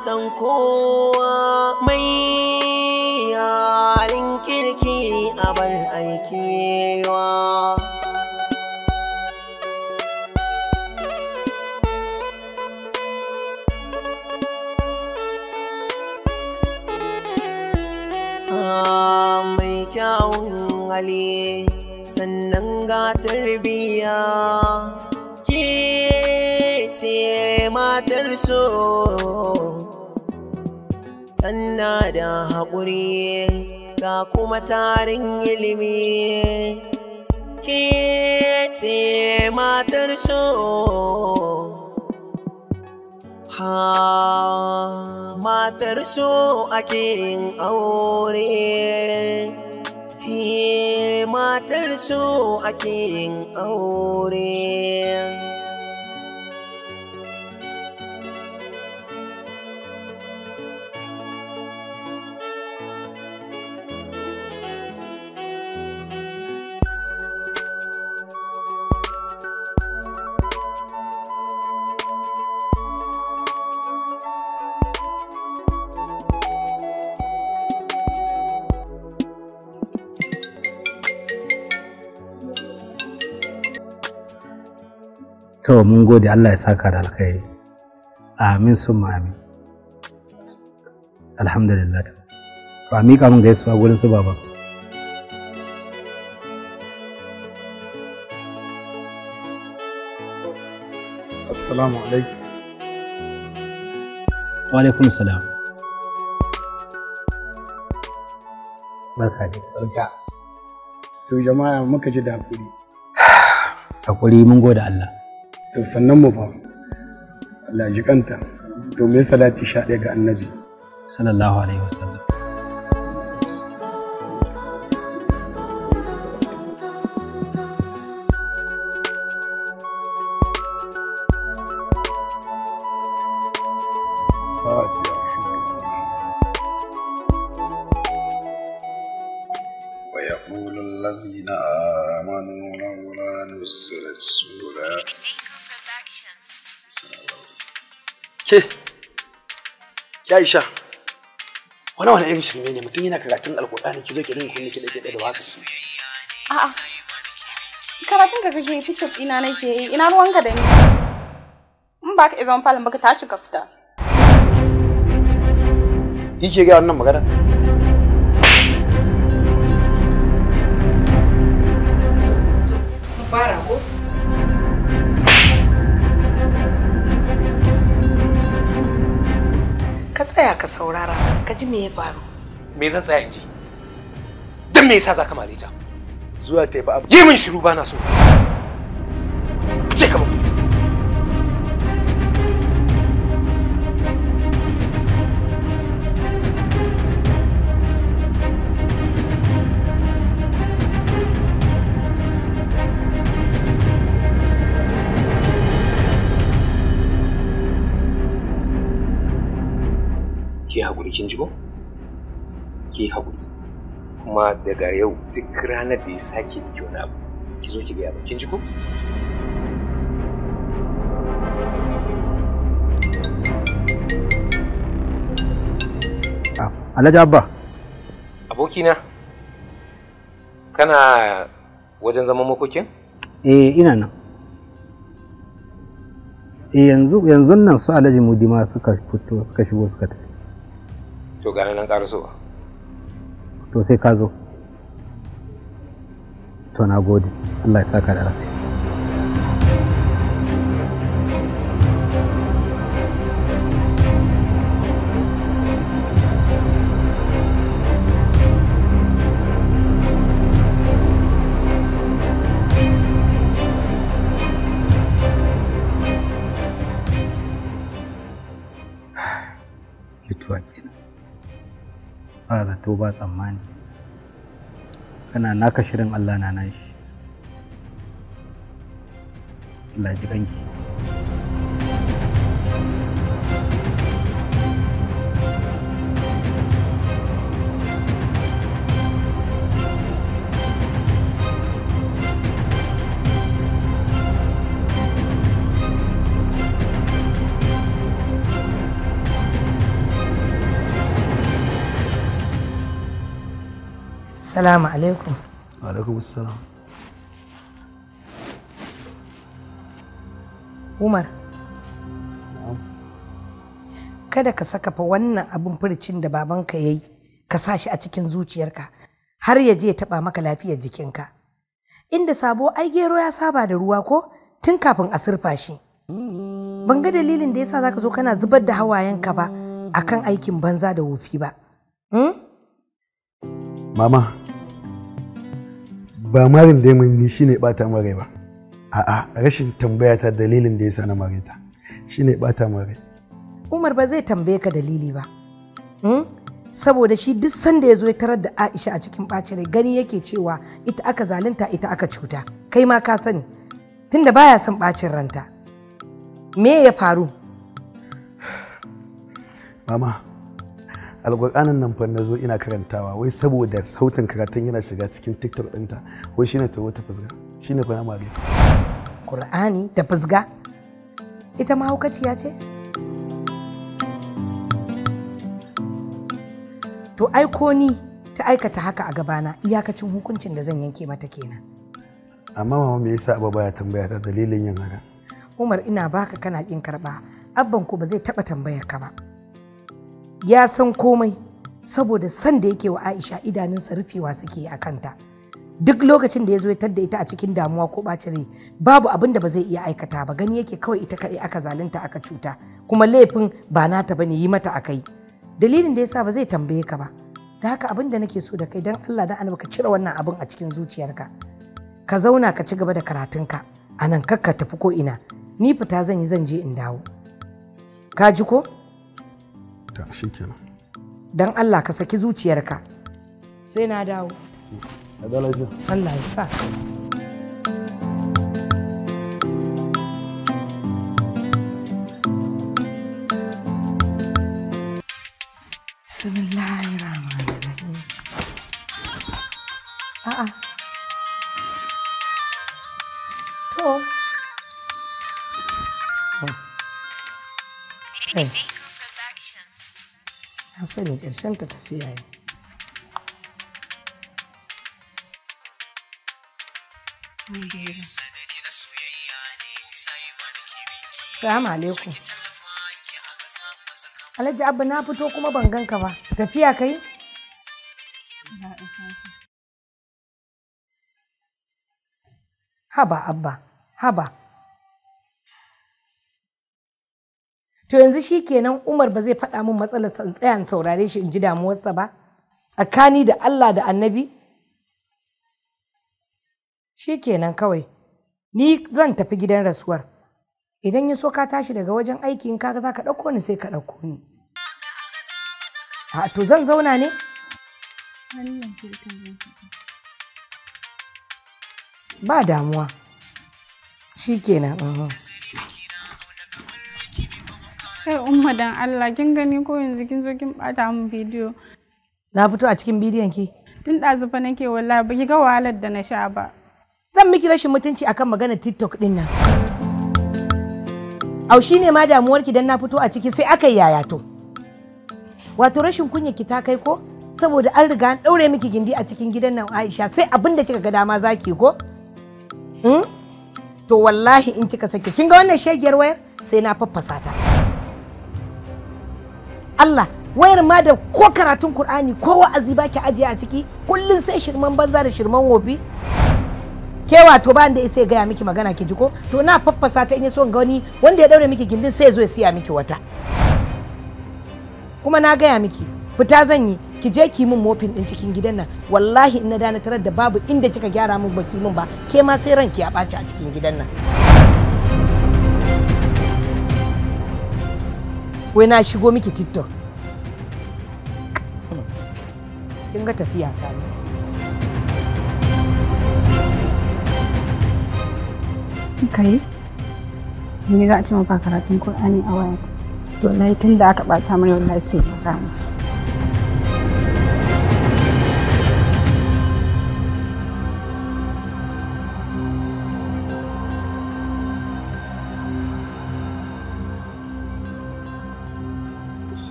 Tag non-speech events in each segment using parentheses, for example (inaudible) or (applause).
san kowa mai yarin kirki a bar aikewa ah, mai kyawun hali sannan ga tarbiyya matar so sanna da haƙuri ga kuma tarin ilimi ke ce matar so ha matar so ake yin aure ke matar so ake yin aure to mun gode Allah ya saka da alkhairi amin summa amin alhamdulillah to a miƙa mun gaisuwa gurin su baba assalamu alaikum wa alaikum salam barka dai barka to jama'a muka ji da hakuri (sighs) hakuri mun gode Allah to sannan mu fa Allah ji kanta to me salati sha ɗaya ga annabi sallallahu alaihi wasallam ويقول الذين آمنوا لولا نزلت سورة Ke, ki Aisha, wani wani irin shirme ne mutum yana karatun alkur'ani ki zo ki rinka kunne da ke da waka. A'a, karatun ka kake tiktok ina nake yi ina ruwan ka da ni. In ba ka izon falon ba ka tashi ka fita. Ki ke ga wannan magana? tsaya ka saurara mana ka ji me ya faru me zan tsaya in ji dan me yasa za ka mare ta zuwa ta yi ba yi min shiru bana so kin jibo? ki haƙuri kuma daga yau duk ranar da ya sake miki wani abu ki zo ki gaya ba kin jiko? Ah, Alhaji Abba. Abokina, kana wajen zaman makokin? Eh, ina nan. Eh, yanzu yanzu nan su Alhaji Mudima suka fito suka shigo suka tafi. to gani nan ƙarasowa to sai ka zo to na gode allah ya saka da alkhairi zato ba tsammani kana naka shirin allah na nashi Allah ji kanki. Assalamu alaikum. Wa alaikum assalam. Umar. Kada ka saka fa wannan abin furcin da babanka yayi ka sa shi a cikin zuciyarka, har ya je taba taɓa maka lafiyar jikinka. Inda sabo ai gero ya saba da ruwa ko tun kafin a surfa shi. Ban ga dalilin da yasa zaka zo kana zubar da hawayenka ba akan aikin banza da wofi ba. Hmm? Mama, ba marin da ni shine bata mare ba a'a rashin tambaya ta dalilin da yasa na mare ta shine bata mare Umar ba zai tambaye ka dalili ba hmm? saboda shi duk sanda ya zo ya tarar da Aisha a cikin ɓacin gani yake cewa ita aka zalunta ita aka cuta kai ma ka sani tunda baya son ɓacin ranta me ya faru mama alƙur'anin nan fa na zo ina karantawa wai saboda sautin karatun yana shiga cikin tiktok ɗinta wai shine ta wata fusga shine fa na malu ƙur'ani ta fusga ita ma haukaciya ce to ai ko ni ta aikata haka a gabana iyakacin hukuncin da zan yanke mata kenan amma mama me yasa abba baya tambaya ta dalilin yin haka umar ina baka kana kin karba abban ko ba zai taba tambayar ka ba ya san komai saboda san da yake wa Aisha idanunsa rufewa suke a kanta. Duk lokacin da ya zo ya tadda ita a cikin damuwa ko ɓacin rai babu abin da ba zai iya aikata ba gani yake kawai ita kaɗai aka zalunta aka cuta kuma laifin ba nata ne yi mata a kai Dalilin da yasa ba zai tambaye ka ba. Da haka abin da nake so da kai dan Allah da annabi ka cire wannan abin a cikin zuciyarka. Ka zauna ka ci gaba da karatunka a nan kakka tafi ko ina. Ni fita zan yi zan je in dawo. Ka ji ko? dokta kenan. dan Allah ka saki zuciyarka sai na dawo Allah ya sa sani ƙarshen ta tafiya ne Salamu alaikum. Alhaji Abba na fito kuma ban ganka ba. Tafiya kai? Haba Abba, haba. to yanzu shi kenan umar ba zai faɗa min matsalar san tsayan saurare shi in ji damuwarsa ba tsakani da allah da annabi shi kenan kawai ni zan tafi gidan rasuwar idan ya so ka tashi daga wajen aiki in kaga za ka ɗauko ni sai ka ɗauko ni to zan zauna ne ba damuwa shi kenan mhm. Kai umma dan Allah kin gani ko yanzu kin zo kin bata min bidiyo. Na fito a cikin bidiyon ki? Tun ɗazu nake wallahi ba ki ga wahalar da na sha ba. Zan miki rashin mutunci akan maganar TikTok din nan. Aushi ne ma damuwar ki dan na fito a ciki sai aka yi yaya to. Wato rashin kunyar ki ta kai ko? Saboda an riga an ɗaure miki gindi a cikin gidan nan Aisha sai abin da kika ga dama zaki ko? Hmm? To wallahi in kika sake kin ga wannan shegiyar wayar sai na faffasa ta. Allah wayar ma da ko karatun Kur'ani ko wa'azi baki ajiye a ciki kullun sai shirman banza da shirman wofi ke wato ba da isa gaya miki magana ki ji ko to na faffasa ta in so ga wani wanda ya daure miki gindin sai zo ya siya miki wata kuma na gaya miki fita zan yi ki je ki min mofin din cikin gidan nan wallahi in na dana tarar da babu inda kika gyara min baki min ba ke ma sai ranki ya ɓaci a cikin gidan nan wai na shigo miki tiktok kin ga tafiya ta ne kai ni ga a ce maka karatun Qur'ani a waya to lai tun da aka bata mana wallahi sai ka gama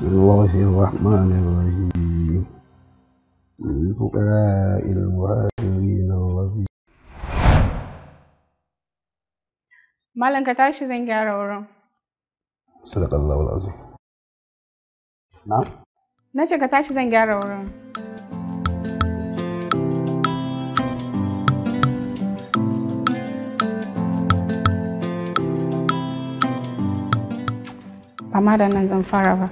بسم الله الرحمن الرحيم للفقراء المهاجرين الذين Malam ka tashi zan gyara wurin. Sadaka Na? ce ka tashi zan gyara wurin. da nan zan fara ba.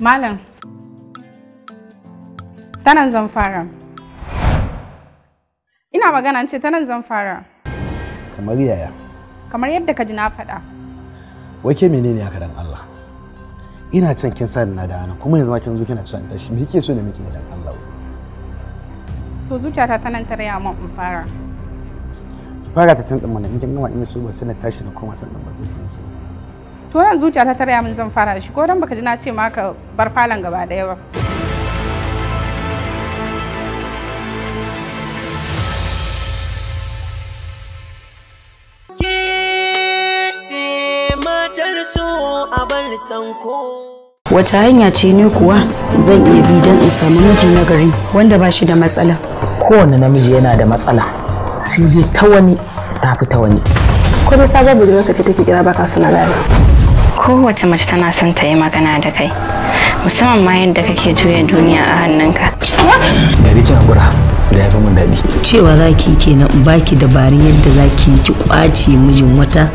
Malam, tanan zan fara. Ina magana ce tanan zan fara. Kamar yaya? Kamar yadda ka ji na faɗa. Wake menene haka dan Allah? Ina can kin sa na da ana kuma yanzu ma kin zo kina son tashi me kike so ne miki dan Allah? To zuciyata tanan ta raya mun in fara. Ki fara ta can mana in kin gama in so ba sai na tashi na koma can ba sai to nan zuciya ta tarya min zan fara da shi ko dan baka ji na ce ma ka bar falon gaba daya ba Wace hanya ce ne kuwa zan iya bi don in samu miji na gari wanda ba shi da matsala? Kowane namiji yana da matsala, sai dai ta wani ta fi ta wani. Kuma sabon budurwarka ce take kira baka suna gari. kowace mace tana son ta yi magana da kai musamman ma yadda kake juya duniya a hannunka yari kin hakura da yafi mun daɗi cewa za zaki kenan ki dabarun yadda za ki ki kwace mijin wata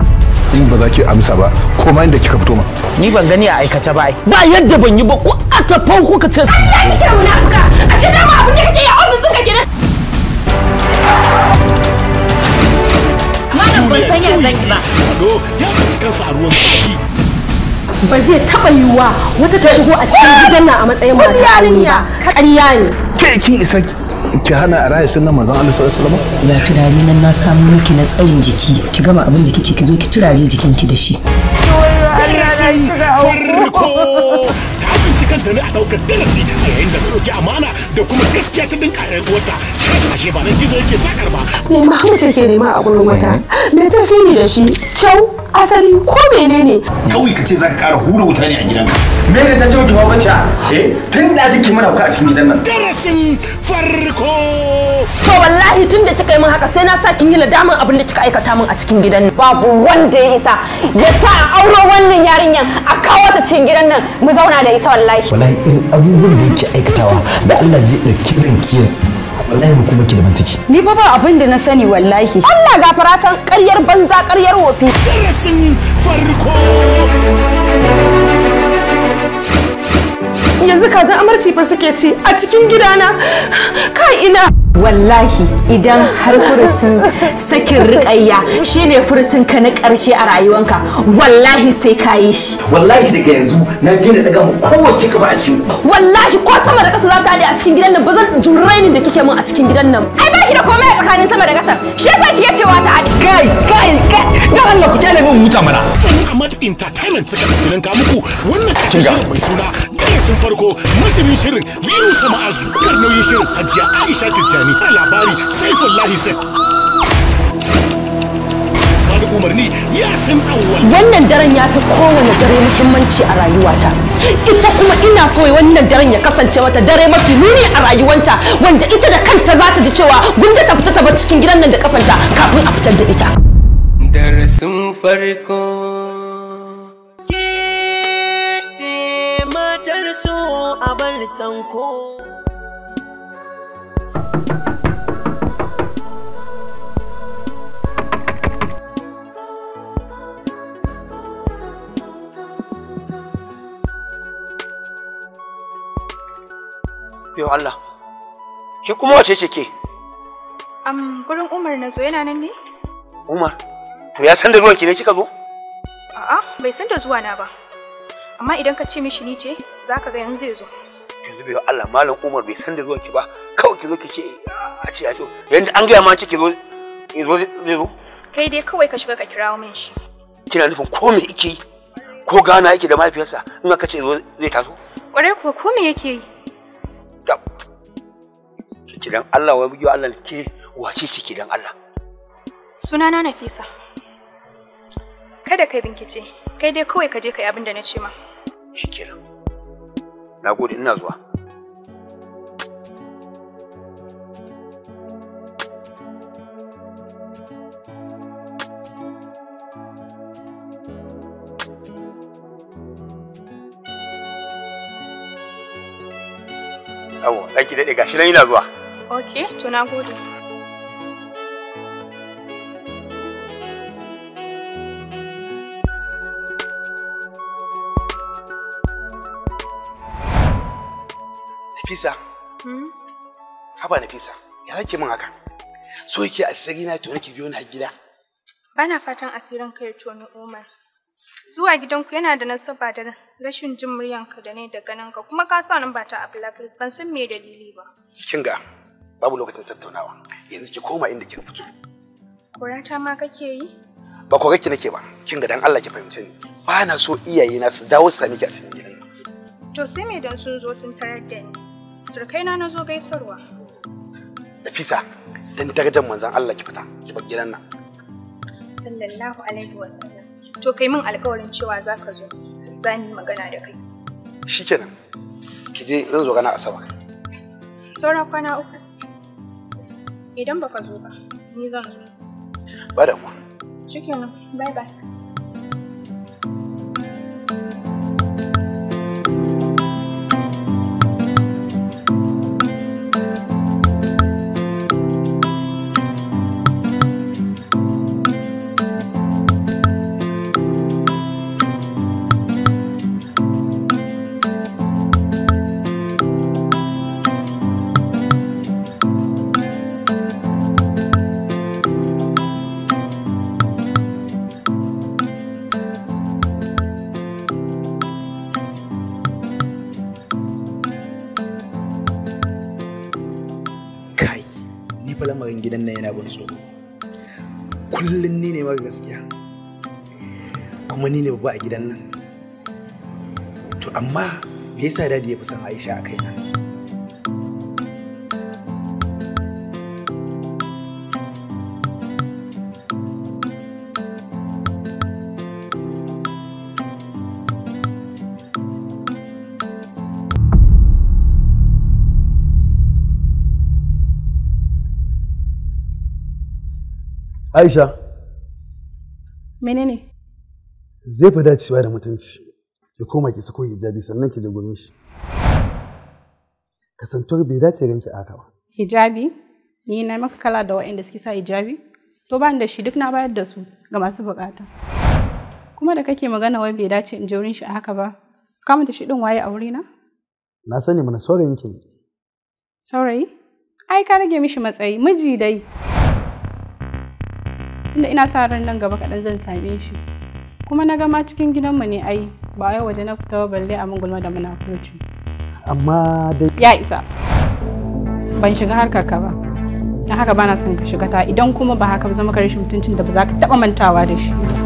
Ni ba za ki amsa ba ko ma yadda kika fito ma ni ban gani a aikace ba ba yadda ban yi ba ko a ta ko ka ce Allah ya kira munafuka a ce dama abin da kake yi a ofis ɗinka kenan malam ban san ya zan yi ba ya ci kansa a ruwan sauki. ba zai taɓa yiwuwa wata ta shigo a cikin gidan nan a matsayin mata aure ba ƙarya ne ke kin isa ki hana a raya sunan manzon Allah sallallahu alaihi wasallam ina turare nan na samu miki na tsayin jiki ki gama abin da kike ki zo ki turare jikinki da shi farko tuni a daukar darasi a yayin da ta ɗauki amana da kuma gaskiya ta dinka a wata rashin a ba nan gizo yake sakar ba. me mahmud yake nema a gurin wata me ta fini da shi kyau asali ko menene. kawai ka ce za ka kara hura wuta ne a gidan me ne ta ce ki mawukaciya eh tun da jikin mana a cikin gidan nan. darasin farko. to wallahi tun da kika yi min haka sai na sa kin yi nadamin abin da kika aikata min a cikin gidan nan babu wanda ya isa ya sa a auro wannan yarinyan a kawo ta cikin gidan nan mu zauna da ita wallahi wallahi irin abubuwan da yake aikatawa da Allah zai ɗauki ranki wallahi mu kuma ki da mantiki ni fa ba abin da na sani wallahi Allah gafara ta ƙaryar banza ƙaryar wofi darasin farko yanzu kazan amarci fa suke ci a cikin gidana kai ina wallahi idan har furutun sakin rikayya shine furutun ka na karshe a rayuwanka wallahi sai ka yi shi wallahi daga yanzu na daina daga mu kowace kaba a cikin wallahi ko sama da kasa za ta a cikin gidan nan ba zan ni da kike min a cikin gidan nan ai baki da komai a tsakanin sama da kasa shi yasa kike cewa ta adi kai kai kai dan Allah ku tale min huta mana amma Entertainment suka kiran ka muku wannan kace mai suna sun farko mashirin shirin yunusa ma'azu kan nauyin shirin hajiya aisha tijjani a labari saifullahi sai wani umarni ya san awwal wannan daren ya fi kowane dare muhimmanci a rayuwata ita kuma ina so wannan daren ya kasance wata dare mafi nuni a rayuwanta wanda ita da kanta za ta ji cewa gunda ta fita ta bar cikin gidan nan da kafanta kafin a fitar da ita darasin farko san ko Yo Allah, ke kuma wace ce ke? Am, gurin Umar na zo yana nan ne? Umar, to ya san da ruwan ki ne kika zo? A'a, bai san da zuwa na ba. Amma idan ka ce mishi ni ce, zaka ga yanzu ya zo. yanzu bai Allah malam Umar bai san da zuwan ki ba kawai ki zo ki ce a ce a ce Yanzu an gaya ma ce ki zo zo zai zo kai dai kawai ka shiga ka kirawo min shi kina nufin ko me yake yi ko gana yake da mahaifiyarsa in aka ce zo zai taso kwarai ko ko me yake yi ki dan Allah wai biyo Allah ke wace ce ki dan Allah sunana Nafisa kada kai binkice, kai dai kawai ka je kai abin da na ce ma shikenan na gode ina zuwa Awo, ɗaki daɗe gashi nan ina zuwa. Ok, Nafisa. Hmm? Haba Nafisa, ya zake min haka? So yake asiri na to nake biyo ni har gida. Bana fatan asirin kai toni Umar. Zuwa gidanku yana da nasaba da rashin jin muryanka da ne da ganinka kuma ka sa nan ba ta a blacklist ban san me dalili ba. Kin ga babu lokacin tattaunawa yanzu ki koma inda kika fito. Kurata ma kake yi? Ba ko kake nake ba kin ga dan Allah ki fahimce ni Bana so iyayena su dawo su sami ki a cikin gidan. To sai me dan sun zo sun tarar da ni? Surkaina na zo gaisarwa. Nafisa, dan darajar manzan Allah ki fita, ki bar gidan nan. Sallallahu alaihi wa sallam. To kai min alƙawarin cewa za ka zo, za ni magana da kai. Shikenan. Ki je zan zo gana Asabar. Saura kwana uku. Idan baka zo ba, ni zan zo. Ba da mu. Shikenan, bye bye. uba a gidan nan to amma me yasa dadi ya fi san aisha a kaina Aisha. Menene? zai fi dacewa da mutunci ya koma ki sako hijabi sannan ki jagorin shi kasantuwar bai dace ranki a haka ba hijabi ni na maka kala da waɗanda suke sa hijabi to ba da shi duk na bayar da su ga masu bukata kuma da kake magana wai bai dace in jaurin wurin shi a haka ba ka da shi din waye a wurina na sani mana saurayin ki ne saurayi ai ka rage mishi matsayi miji dai tunda ina sa ran nan gaba kaɗan zan same shi kuma na gama cikin gidanmu ne ai ba wai waje na fita ba balle a mungulma da munafurci amma dai ya isa ban shiga harkar ka ba na haka bana son ka shiga ta idan kuma ba haka zama ka rashin mutuncin da ba za ka taba mantawa da shi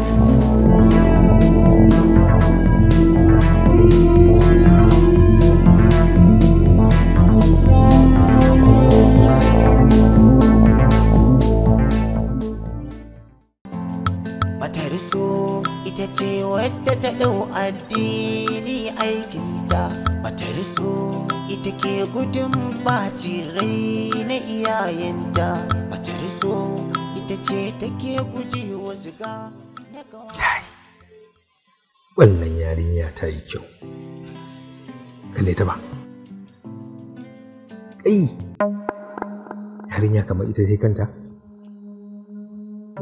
ɓaci na iyayenta bata so ita ce take guji wa ziga wannan yarinya ta yi kyau kalle ta ba kai yarinya kamar ita ce kanta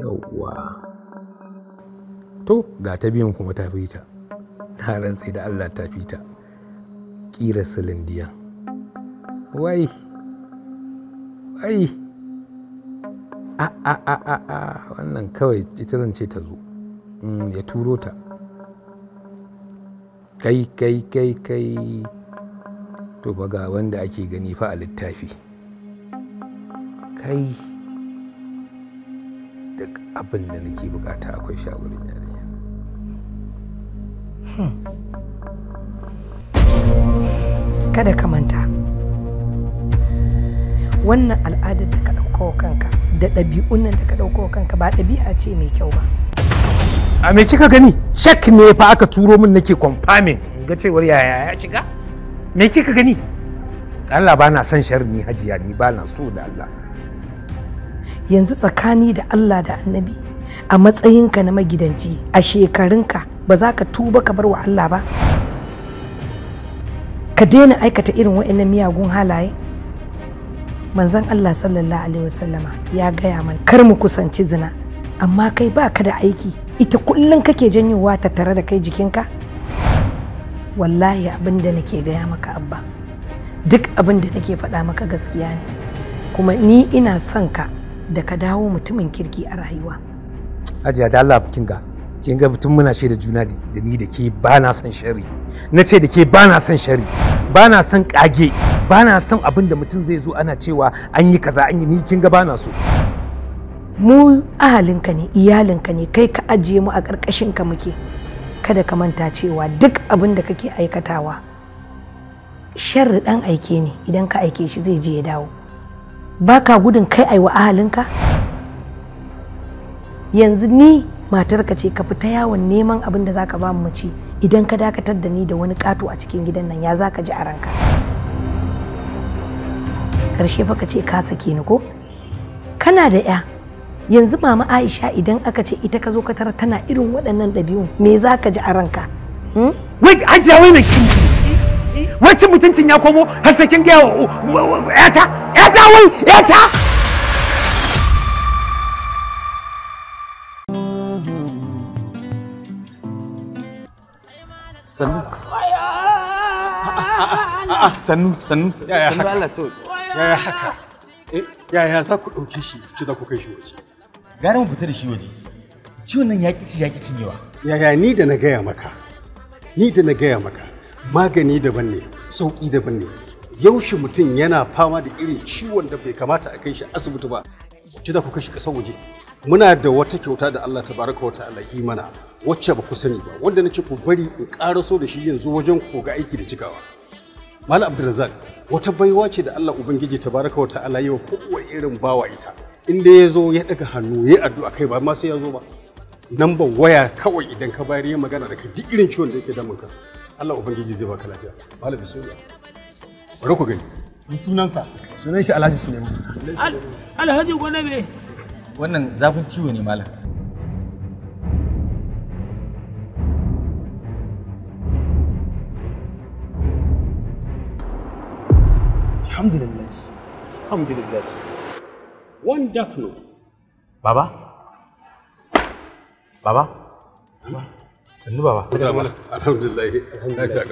yawwa to ga ta biyan kuma ta fita na rantse da allah ta fita ƙira silindiyan wai wai a a a a a wannan kawai ita zan ce ta zo mm, ya turo ta kai kai kai kai to ga wanda ake gani fa a littafi kai duk abin da nake bukata akwai shagurin yarinya hmm. kada ka manta wannan al'adar da ka ɗauko kanka da ɗabi'un nan da ka ɗauko kanka ba ɗabi'a ce mai kyau ba a me kika gani Check ne fa aka turo min nake confirming ga cewar yaya ya shiga me kika gani Allah ba na son sharri hajiya ni ba na so da Allah yanzu tsakani da Allah da annabi a matsayinka na magidanci a shekarunka ba za ka tuba ka bar wa Allah ba ka daina aikata irin waɗannan miyagun halaye manzan Allah sallallahu alaihi wasallama ya gaya mana kar mu kusanci zina amma kai ba ka da aiki ita kullum kake janyowa ta tare da kai jikinka wallahi abin da nake gaya maka abba duk abin da nake faɗa maka gaskiya ne kuma ni ina son ka da ka dawo mutumin kirki a rayuwa ajiya da Allah ga kin ga mutum muna shi da juna da ni da ke ba na son shari na ce da ke ba na son shari ba na son kage bana na son abin da mutum zai zo ana cewa an yi kaza an yi ni kin ga bana so mu ahalinka ne iyalinka ne kai ka ajiye mu a ƙarƙashin ka muke kada ka manta cewa duk abin da kake aikatawa sharri dan aike ne idan ka aike shi zai je ya dawo baka gudun kai ai wa ahalinka yanzu ni matarka ce ka fita yawon neman abin da zaka ka ba mu ci idan ka dakatar da ni da wani kato a cikin gidan nan ya zaka ka ji a ranka Karshe fa ka ce ka sake ni ko kana da ya yanzu mama Aisha idan aka ce ita ka zo ka tara tana irin waɗannan ɗabi'u me za ka ji a ranka wai ajiya wai mai kin wai cin mutuncin ya komo har sai kin ga yata yata wai yata sannu sannu sannu sannu Allah so yaya haka eh, yaya za ku ɗauke shi ci da ku kai shi waje gara mu fita da shi waje ciwon nan ya kici ya kici yawa yaya ni da na gaya maka ni da na gaya maka magani daban ne sauki daban ne yaushe mutum yana fama da irin ciwon da bai kamata a kai shi asibiti ba ci da ku kai shi kasan waje muna da wata kyauta da Allah ta wa ta'ala yi mana wacce ba ku sani ba wanda nace ku bari in ƙaraso da shi yanzu wajen ku ga aiki da cikawa Malam Abdulrazak wata baiwa ce da Allah Ubangiji ta wa ta'ala yi wa kowa irin bawa ita inda ya zo ya daga hannu ya addu'a kai ba ma sai ya zo ba namban waya kawai idan ka bayar yin magana da ka duk irin ciwon da yake damun ka Allah Ubangiji zai baka lafiya malam bismillah bari ku gani sunansa sunan shi Alhaji Suleiman Alhaji Gwanabe wannan zafin ciwo ne malam Alhamdulillah. Alhamdulillah. Wonderful. Baba? Baba? Baba? Sannu baba. Alhamdulillah.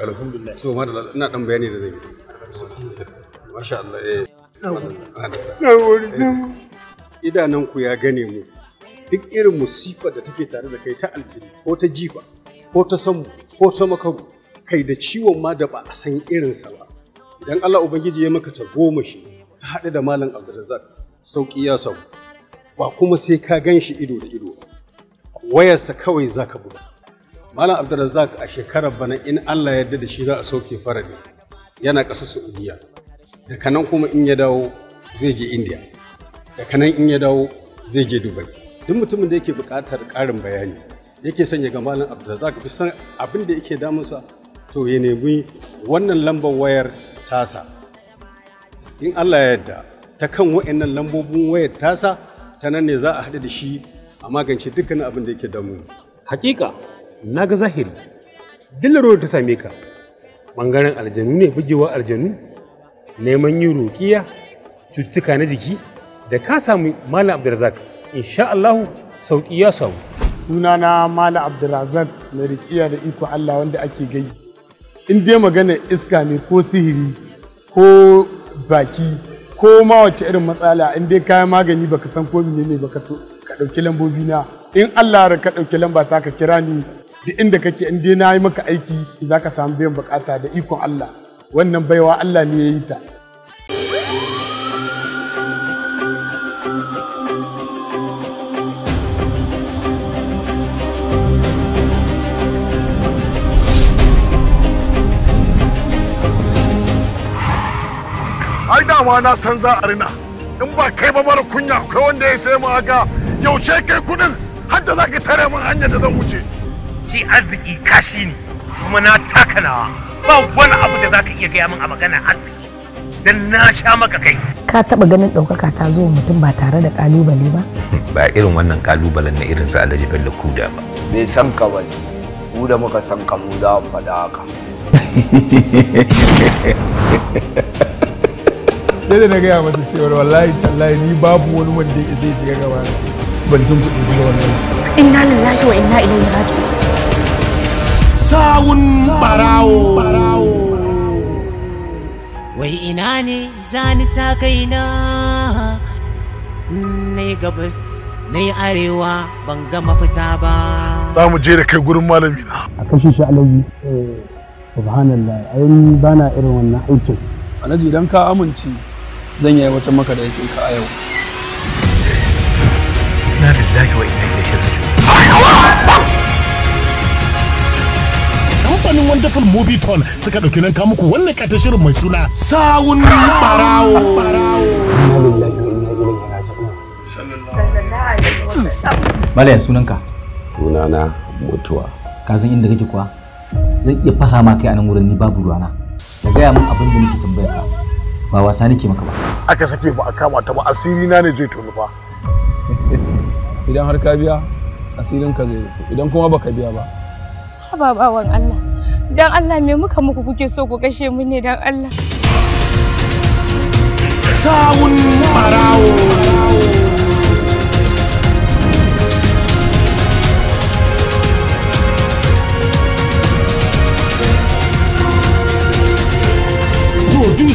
Alhamdulillah. So, madalla, ina dan bayani da zai yi. Masha Allah, eh. Na Idananku ya gane mu. Duk irin musibar da take tare da kai ta aljini ko ta jifa ko ta samu ko ta makaru kai da ciwon ma da ba a san irinsa ba. Idan Allah Ubangiji ya maka shi. ka haɗu da Malam Abdulrazak Sauki ya samu ba kuma sai ka gan shi ido da ido wayarsa kawai za ka buga. Malam Abdulrazak a shekarar bana in Allah ya yarda da shi za a sauke farade yana ƙasa Saudiya daga nan kuma in ya dawo zai je India daga nan in ya dawo zai je Dubai duk mutumin da yake buƙatar ƙarin bayani yake sanya ga Malam Abdulrazak bisan abin da yake damunsa to ya nemi wannan lambar wayar tasa in Allah ya yarda ta kan wa'annan lambobin wayar tasa ta nan ne za a haɗu da shi a magance dukkanin abin da yake damu hakika na ga zahiri dillarorin ta same ka ɓangaren aljanu ne bugewa aljanu neman yin rokiya cututtuka na jiki da ka samu malam abdulrazak insha Allahu sauki ya samu sunana malam abdulrazak mai riƙiya da iko Allah wanda ake gai in dai magana iska ne ko sihiri ko baki ko ma wace irin matsala in dai kayan magani baka san ko menene baka ka ɗauki lambobi na in Allah ka ɗauki lamba ta ka kira ni duk inda kake in dai na yi maka aiki za ka samu biyan bukata da ikon Allah wannan baiwa Allah ne ya yi ta dama na san za a rina in ba kai ba mara kunya akwai wanda ya sai mu aga, yaushe kai kudin har da zaka tare min hanyar da zan wuce shi arziki kashi ne kuma na taka nawa ba wani abu da zaka iya gaya min a magana arziki dan na sha maka kai ka taba ganin ɗaukaka ta zo mutum ba tare da kalubale ba (laughs) ba irin wannan kalubalen na irin su alhaji bello kuda ba Me san ka bane ku da muka san ka mu da faɗa haka (laughs) sai da na gaya masa cewar wallahi tallahi ni babu wani wanda ya zai shiga gaba ban jin kuɗi ba wani inna lillahi wa inna ilaihi raji'un sawun barawo wai ina ne zani sa kai na gabas na yi arewa ban ga mafita ba za mu je da kai gurin malami na a kashe shi alaji eh, subhanallah ai ba na irin wannan aikin alaji idan ka amince zan yi wata maka da yake ka a yau na kamfanin wonderful movie ton suka ɗauki nan kamuku wannan kata shirin mai suna sawun barawo Malayan sunanka? Sunana mutuwa. Ka san inda kake kuwa? Zan iya fasa ma kai a nan wurin ni babu ruwana. Ka gaya min abin da nake tambaya ka. ba wasa nake maka ba aka sake ba a kama ta ba asiri na ne zai tonu fa (laughs) idan har ka biya asirin ka zai idan kuma baka biya ba haba bawan Allah dan Allah me muka muku kuke so ku kashe mu ne dan Allah sawun marawo.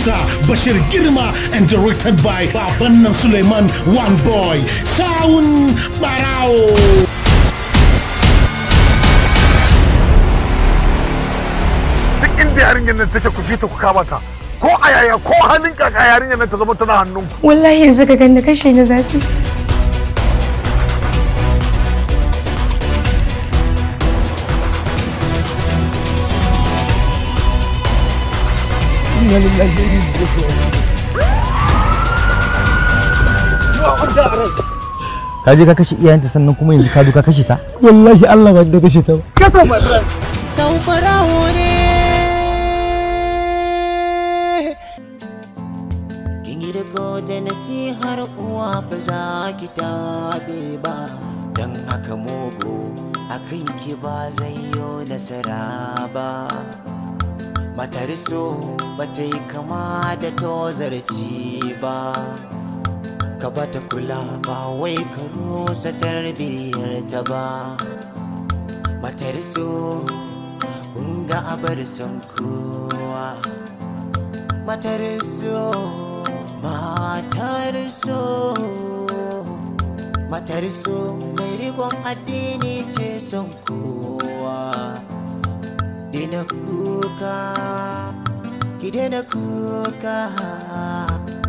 producer Bashir Girma and directed by nan Suleiman One Boy. Sound Barao. Duk inda yarinyar nan take ku fita ku kama ta. Ko a yaya ko hannun kaka yarinyar nan ta zama tana hannun. Wallahi yanzu ka ganni kashe ni zasu. إنا لله ka je ka kashe iyayenta sannan kuma yanzu ka duka ka kashe ta wallahi Allah ba da kashe ta ba ka ko madran sau farawo ne kin yi da gode har uwa ba za ki ta be ba dan aka mogo akan ki ba zai yo nasara ba matarso ba ta yi kama da tozarci ba ka bata kula ba wai ka rusa tarbiyar ta ba matar so ga abar son kowa matar so matar mai rigon addini ce son kowa daina kuka ki daina kuka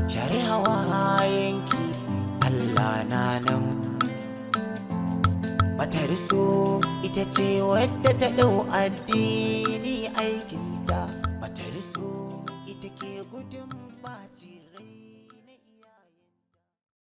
share hawayenki Allah na nan matar so ita ce wadda ta ɗau addini aikinta